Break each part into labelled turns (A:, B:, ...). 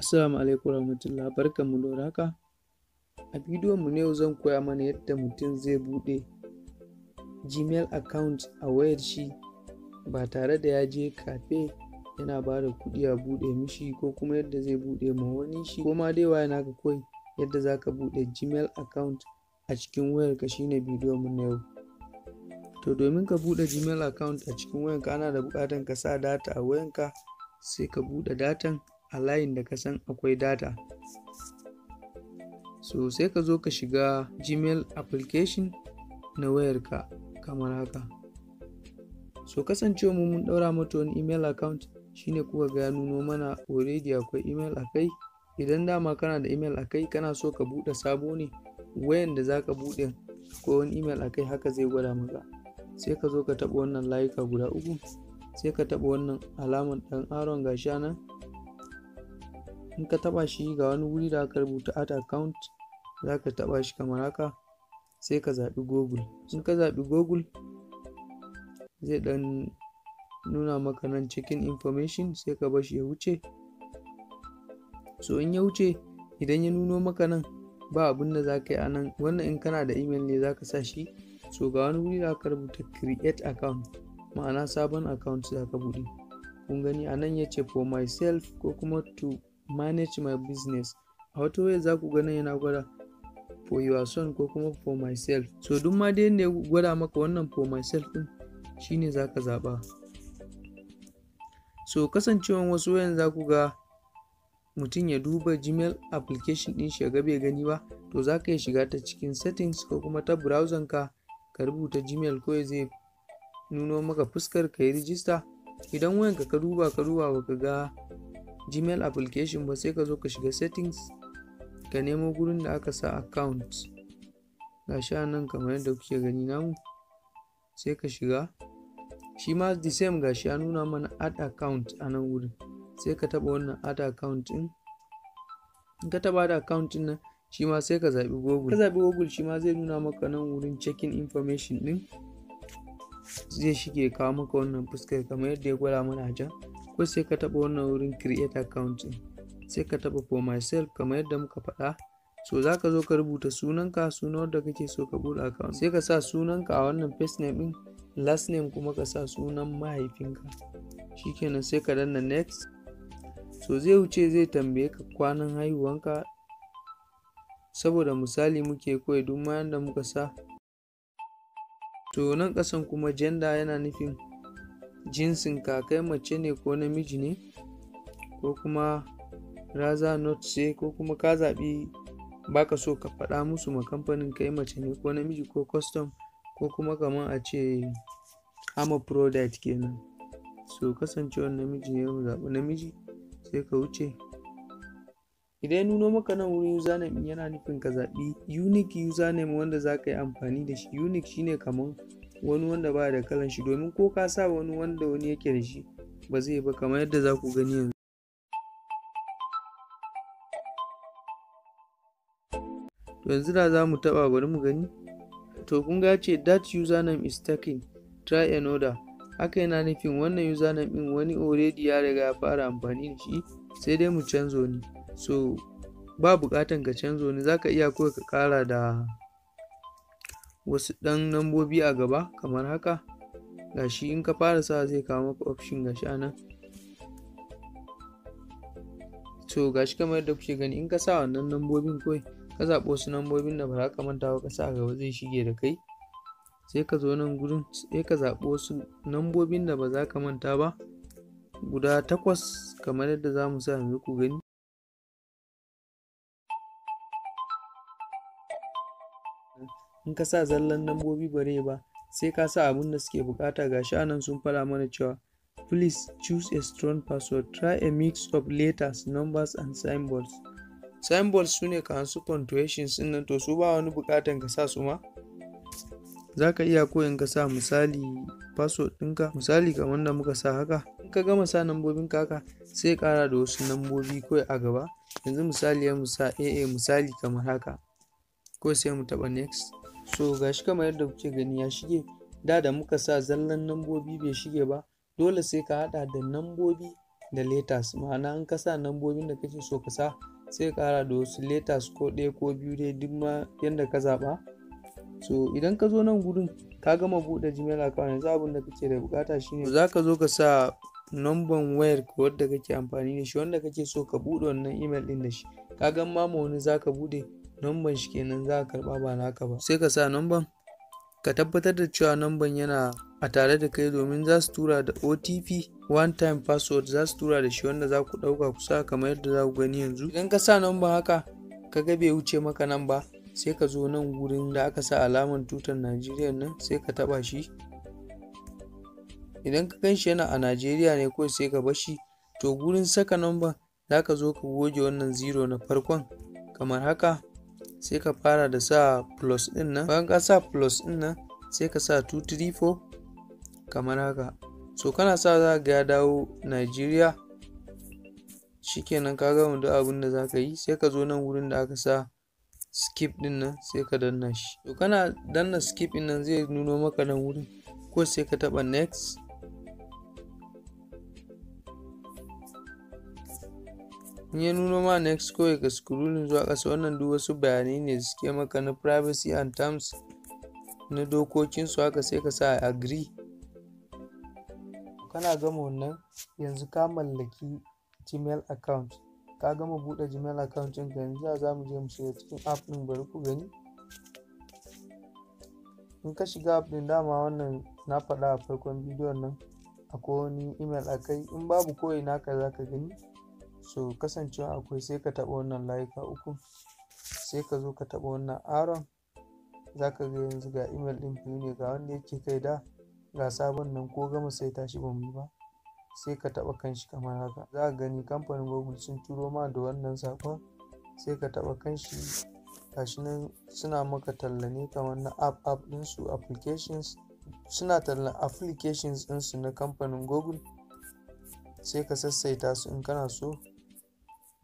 A: Assalamu alaikum barkan mu da warhaka. A bidiyon mu ne yau zan koya mana yadda mutum zai bude Gmail account a wayar shi ba tare da ya je kafe yana bada da kuɗi a bude mishi ko kuma yadda zai bude ma wani shi ko ma dai waye ka koyi yadda za ka bude Gmail account a cikin wayar ka shine bidiyon mu na yau. To domin ka bude Gmail account a cikin wayar ka ana da buƙatar ka sa data a wayar ka sai ka bude datan a layin da ka san akwai data so sai ka zo ka shiga gmail application na wayarka kamar haka so kasancewa mu mun daura mata wani email account shine kuka ga nuno mana already akwai email a kai idan dama kana da email a kai kana so ka buɗe sabo ne wayan da zaka ka buɗe ko wani email a kai haka zai gwada maka sai ka zo ka taɓa wannan layuka guda uku sai ka taɓa wannan alaman ɗan aron gashi nan in ka taba shi ga wani wuri da aka rubuta add account za ka taɓa shi kamar haka sai ka zaɓi google in ka zaɓi google zai ɗan nuna maka nan cikin information sai ka bashi ya wuce so in ya wuce idan ya nuno maka nan ba abin za ka yi a nan wannan in kana da email ne za ka sa shi so ga wani wuri da aka rubuta create account ma'ana sabon account za ka buɗe kun gani a nan ya ce for myself ko kuma to manage my business a wata waya za ku ganin yana gwada for your son ko kuma for myself so duk ma dai ne gwada maka wannan for myself din shine za ka zaɓa so kasancewan wasu wayan za ku ga mutum ya duba gmail application din shi ga bai gani ba to za ka shiga ta cikin settings ko kuma ta browser ka ka rubuta gmail ko ya zai nuno maka fuskar ka yi rijista idan wayanka ka duba ka duba ba ka ga gmail application ba sai ka zo ka shiga settings ka nemo gurin da aka sa account ga sha nan kamar yadda kuke gani namu sai ka shiga shi ma the same ga shi nuna mana add account a nan wurin sai ka taba wannan add account din in ka taba add account din nan shi ma sai ka zaɓi google ka zaɓi google shi ma zai nuna maka nan wurin checking information din zai shige kawo maka wannan fuskar kamar yadda ya gwada mana a can ko sai ka taɓa wannan wurin create account sai ka taɓa for myself kamar yadda muka faɗa so za ka zo ka rubuta sunanka sunan wanda kake so ka buɗe account sai ka sa sunanka a wannan first name din last name kuma ka sa sunan mahaifinka shikenan sai ka danna next so zai wuce zai tambaye ka kwanan haihuwanka saboda misali muke koyi duk ma yanda muka sa to nan ƙasan kuma gender yana nufin jinsin kakai mace ne ko namiji ne ko kuma raza not ce ko kuma ka zaɓi baka so ka faɗa musu ma kamfanin kai mace ne ko namiji ko custom ko kuma kamar a ce ama product kenan so kasancewar namiji ne zaɓi namiji sai ka wuce idan nuno maka nan wurin username yana nufin ka zaɓi unique username wanda za ka yi amfani da shi unique shine kamar wani wanda ba da kalan shi domin ko ka sa wani wanda wani yake da shi ba zai ba kamar yadda za ku gani yanzu to yanzu da za mu taɓa bari mu gani to kun ga ce that username is taken try another haka yana nufin wannan username ɗin wani already ya riga ya fara amfani da shi sai dai mu canzo ni so ba bukatan ka canzo ni zaka iya kawai ka kara da wasu ɗan lambobi a gaba kamar haka gashi in ka fara sa zai kawo maka option gashi a nan to gashi kamar yadda kuke gani in ka sa wannan lambobin kawai ka zaɓi wasu lambobin da ba za ka manta ka sa a gaba zai shige da kai sai ka zo nan gurin sai ka zaɓi wasu lambobin da ba za ka manta ba guda takwas kamar yadda za mu sa yanzu ku gani in ka sa zallan lambobi ne ba sai ka sa abin da suke bukata ga anan sun fara mana cewa please choose a strong password try a mix of letters numbers and symbols symbols su ne ka su punctuations din nan to su ba wani bukatan ka sa su ma za ka iya koyin ka sa misali password ɗinka misali kamar da muka sa haka in ka gama sa nambobin ka haka sai ƙara da wasu nambobi kawai a gaba yanzu misali ya musa aa misali kamar haka ko sai mu taɓa next so ga gashi kamar yadda kuke gani ya shige da da muka sa zallan nambobi bai shige ba dole sai ka hada da nambobi da letters ma'ana in ka sa nambobin da kake so ka sa sai ka hada da wasu letters ko ɗaya ko biyu dai duk ma yadda ka zaba so idan ka zo nan gudun ka gama buɗe gmail account yanzu abin da kake da bukata shine za ka zo ka sa numban wayar ka wadda kake amfani da shi wanda kake so ka buɗe wannan email ɗin da shi ka gan ma wani za ka buɗe numban shi kenan za ka karba ba naka ba sai ka sa numban ka tabbatar da cewa numban yana a tare da kai domin za su tura da otp one time password za su tura da shi wanda za ku ɗauka kusa sa kamar yadda za ku gani yanzu idan ka sa numban haka ka ga bai wuce maka nan ba sai ka zo nan gurin da aka sa alamar tutar najeriya nan sai ka taba shi idan ka gan yana a najeriya ne kawai sai ka bar shi to gurin saka numban za ka zo ka goge wannan zero na farkon kamar haka sai ka fara da sa plus din nan bayan ka sa plus din nan sai ka sa 234 kamar haka so kana sa za ga ya dawo Najeriya shikenan ka gama duk abin da za ka yi sai ka zo nan wurin da aka sa skip din nan sai ka danna shi to kana danna skip din nan zai nuno maka nan wurin ko sai ka taɓa next in ya nuno ma next kawai ka scrolling zuwa ƙasa wannan duk wasu bayanai ne suke maka na privacy and terms na dokokinsu haka sai ka sa agree kana gama wannan yanzu ka mallaki gmail account ka gama buɗe gmail account ka yanzu za mu je mu shiga cikin app ɗin bari ku gani in ka shiga app ɗin dama wannan na faɗa a farkon bidiyon nan akwai wani email a kai in babu kawai naka za ka gani so kasancewa akwai sai ka taɓa wannan layuka uku sai ka zo ka taɓa wannan aron za ka ga yanzu ga email ɗin biyu ne ga wanda yake kai da ga sabon nan ko gama sai tashi bamu yi ba sai ka taɓa kanshi kamar haka za ka gani kamfanin google sun turo ma da wannan sakon sai ka taɓa kanshi gashi nan suna maka talla ne kamar na app app ɗinsu applications suna tallan applications ɗinsu na kamfanin google sai ka sassaita su in kana so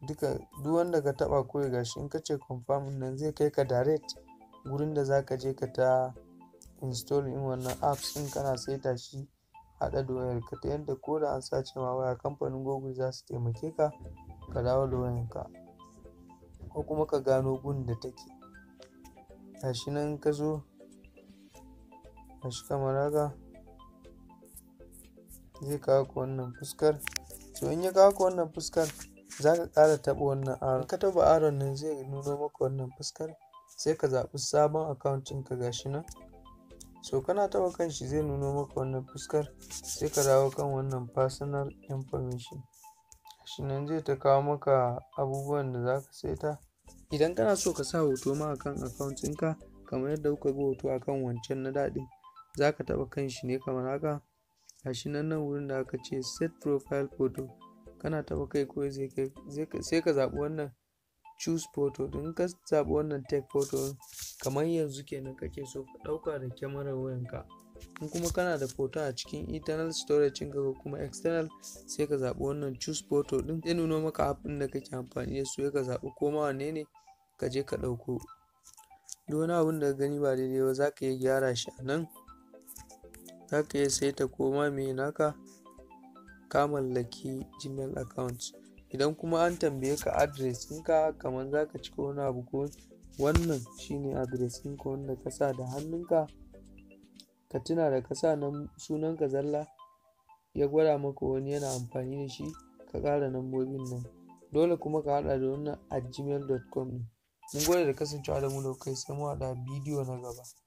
A: duka duk wanda ka taba kawai gashi in ka ce confirm nan zai kai ka direct gurin da zaka je ka ta install in wannan apps in kana saita shi hada da wayar ka ta yadda ko da an sace ma waya kamfanin google za su taimake ka ka dawo da wayar ka ko kuma ka gano gun da take gashi nan ka zo gashi kamar haka zai kawo wannan fuskar so in ya kawo wannan fuskar za ka ƙara taɓa wannan aron ka taɓa aron nan zai nuno maka wannan fuskar sai ka zaɓi sabon account ka gashi nan so kana taɓa kan shi zai nuno maka wannan fuskar sai ka dawo kan wannan personal information shi nan zai ta kawo maka abubuwan da za ka saita idan kana so ka sa hoto ma akan account ka kamar yadda kuka ga hoto akan wancan na daɗin za ka taɓa kan shi ne kamar haka a shi nan nan wurin da aka ce set profile photo kana taba kai ko sai ka zaɓi wannan choose photo don ka zaɓi wannan take photo kamar yanzu kenan kake so ka ɗauka da kyamarar wayanka in kuma kana da photo a cikin internal storage ɗinka ko kuma external sai ka zaɓi wannan choose photo ɗin zai nuna maka app da kake amfani da su ka zaɓi ko ma wanne ne ka je ka ɗauko duk abun da gani ba daidai ba za ka iya gyara shi a nan za ka iya saita koma mai naka ka mallaki gmail account idan kuma an tambaye ka address ɗinka kamar za ka cika wani abu ko wannan shine address ɗinka wanda ka sa da hannunka ka tuna da ka sa nan ka zalla ya gwada maka wani yana amfani da shi ka ƙara nambobin nan dole kuma ka haɗa da wannan at gmail.com mun gwada da kasancewa da mu da kai sai mu haɗa bidiyo na gaba